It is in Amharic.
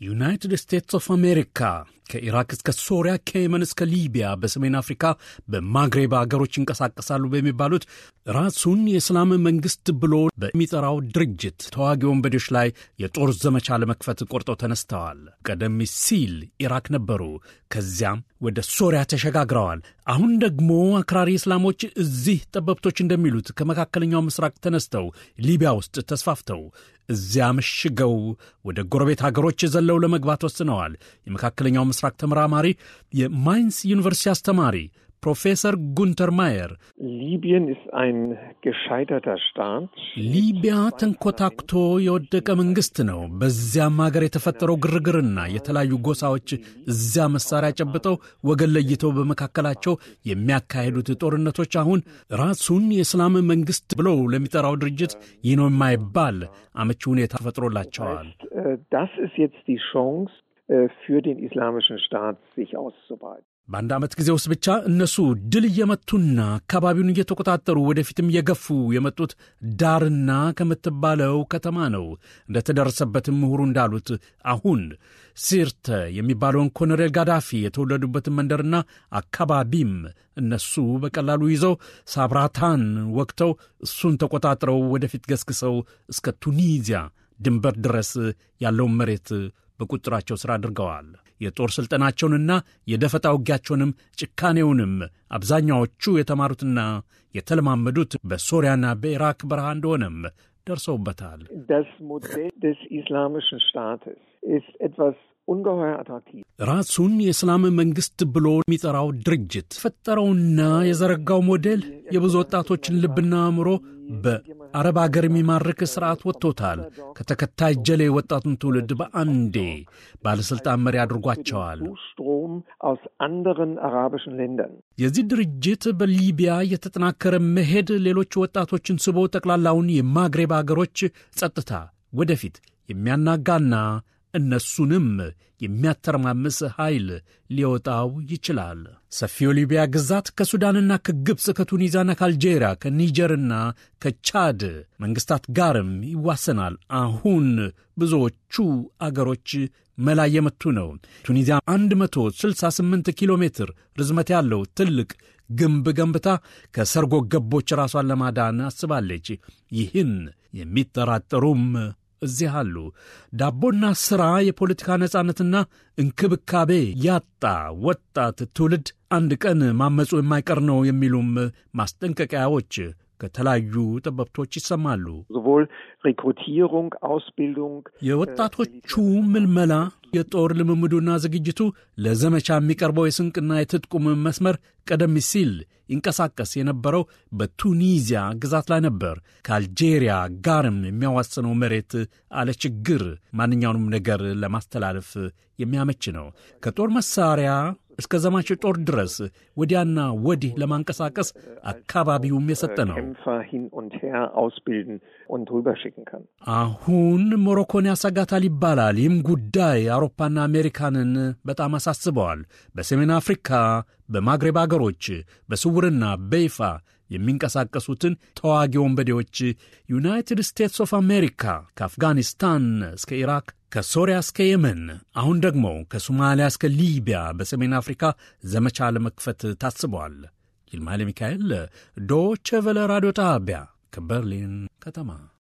United States of America ከኢራቅ እስከ ሶሪያ፣ ከየመን እስከ ሊቢያ፣ በሰሜን አፍሪካ፣ በማግሬብ አገሮች ይንቀሳቀሳሉ በሚባሉት ራሱን የእስላም መንግስት ብሎ በሚጠራው ድርጅት ተዋጊ ወንበዴዎች ላይ የጦር ዘመቻ ለመክፈት ቆርጠው ተነስተዋል። ቀደም ሲል ኢራቅ ነበሩ፣ ከዚያም ወደ ሶሪያ ተሸጋግረዋል። አሁን ደግሞ አክራሪ እስላሞች እዚህ ጠበብቶች እንደሚሉት ከመካከለኛው ምስራቅ ተነስተው ሊቢያ ውስጥ ተስፋፍተው እዚያ ምሽገው ወደ ጎረቤት ሀገሮች ዘለው ለመግባት ወስነዋል። የመካከለኛው ምስራቅ ተመራማሪ፣ የማይንስ ዩኒቨርሲቲ አስተማሪ ፕሮፌሰር ጉንተር ማየር ሊቢያ ተንኮታክቶ የወደቀ መንግሥት ነው። በዚያም ሀገር የተፈጠረው ግርግርና የተለያዩ ጎሳዎች እዚያ መሳሪያ ጨብጠው ወገን ለይተው በመካከላቸው የሚያካሄዱት ጦርነቶች አሁን ራሱን የእስላም መንግሥት ብለው ለሚጠራው ድርጅት ይህ ነው የማይባል አመቺ ሁኔታ ፈጥሮላቸዋል። Äh, für den islamischen Staat sich auszubreiten። በአንድ ዓመት ጊዜ ውስጥ ብቻ እነሱ ድል እየመቱና አካባቢውን እየተቆጣጠሩ ወደፊትም እየገፉ የመጡት ዳርና ከምትባለው ከተማ ነው። እንደተደረሰበትም ምሁሩ እንዳሉት አሁን ሲርተ የሚባለውን ኮሎኔል ጋዳፊ የተወለዱበትን መንደርና አካባቢም እነሱ በቀላሉ ይዘው ሳብራታን ወቅተው እሱን ተቆጣጥረው ወደፊት ገስግሰው እስከ ቱኒዚያ ድንበር ድረስ ያለውን መሬት በቁጥጥራቸው ስር አድርገዋል። የጦር ሥልጠናቸውንና የደፈጣ ውጊያቸውንም ጭካኔውንም አብዛኛዎቹ የተማሩትና የተለማመዱት በሶሪያና በኢራክ በረሃ እንደሆነም ደርሰውበታል። ራሱን የእስላም መንግሥት ብሎ የሚጠራው ድርጅት የፈጠረውና የዘረጋው ሞዴል የብዙ ወጣቶችን ልብና አእምሮ በአረብ አገር የሚማርክ ሥርዓት ወጥቶታል። ከተከታይ ጀሌ ወጣቱን ትውልድ በአንዴ ባለሥልጣን መሪ አድርጓቸዋል። የዚህ ድርጅት በሊቢያ የተጠናከረ መሄድ ሌሎች ወጣቶችን ስቦ ጠቅላላውን የማግሬብ አገሮች ጸጥታ ወደፊት የሚያናጋና እነሱንም የሚያተረማምስ ኃይል ሊወጣው ይችላል። ሰፊው ሊቢያ ግዛት ከሱዳንና ከግብፅ፣ ከቱኒዛና ከአልጄሪያ፣ ከኒጀርና ከቻድ መንግስታት ጋርም ይዋሰናል። አሁን ብዙዎቹ አገሮች መላ የመቱ ነው። ቱኒዚያ 168 ኪሎ ሜትር ርዝመት ያለው ትልቅ ግንብ ገንብታ ከሰርጎ ገቦች ራሷን ለማዳን አስባለች። ይህን የሚጠራጠሩም እዚህ አሉ። ዳቦና ሥራ የፖለቲካ ነጻነትና እንክብካቤ ያጣ ወጣት ትውልድ አንድ ቀን ማመፁ የማይቀር ነው የሚሉም ማስጠንቀቂያዎች ከተለያዩ ጠበብቶች ይሰማሉ። የወጣቶቹ äh, ምልመላ፣ የጦር ልምምዱና ዝግጅቱ ለዘመቻ የሚቀርበው የስንቅና የትጥቁም መስመር ቀደም ሲል ይንቀሳቀስ የነበረው በቱኒዚያ ግዛት ላይ ነበር። ከአልጄሪያ ጋርም የሚያዋስነው መሬት አለ ችግር ማንኛውንም ነገር ለማስተላለፍ የሚያመች ነው። ከጦር መሳሪያ እስከ ዘማች ጦር ድረስ ወዲያና ወዲህ ለማንቀሳቀስ አካባቢውም የሰጠ ነው። አሁን ሞሮኮን ያሳጋታል ይባላል። ይህም ጉዳይ አውሮፓና አሜሪካንን በጣም አሳስበዋል። በሰሜን አፍሪካ፣ በማግሬብ አገሮች በስውርና በይፋ የሚንቀሳቀሱትን ተዋጊ ወንበዴዎች ዩናይትድ ስቴትስ ኦፍ አሜሪካ ከአፍጋኒስታን እስከ ኢራቅ ከሶሪያ እስከ የመን አሁን ደግሞ ከሶማሊያ እስከ ሊቢያ በሰሜን አፍሪካ ዘመቻ ለመክፈት ታስበዋል። ይልማለ ሚካኤል ዶቸቨለ ራዲዮ ጣቢያ ከበርሊን ከተማ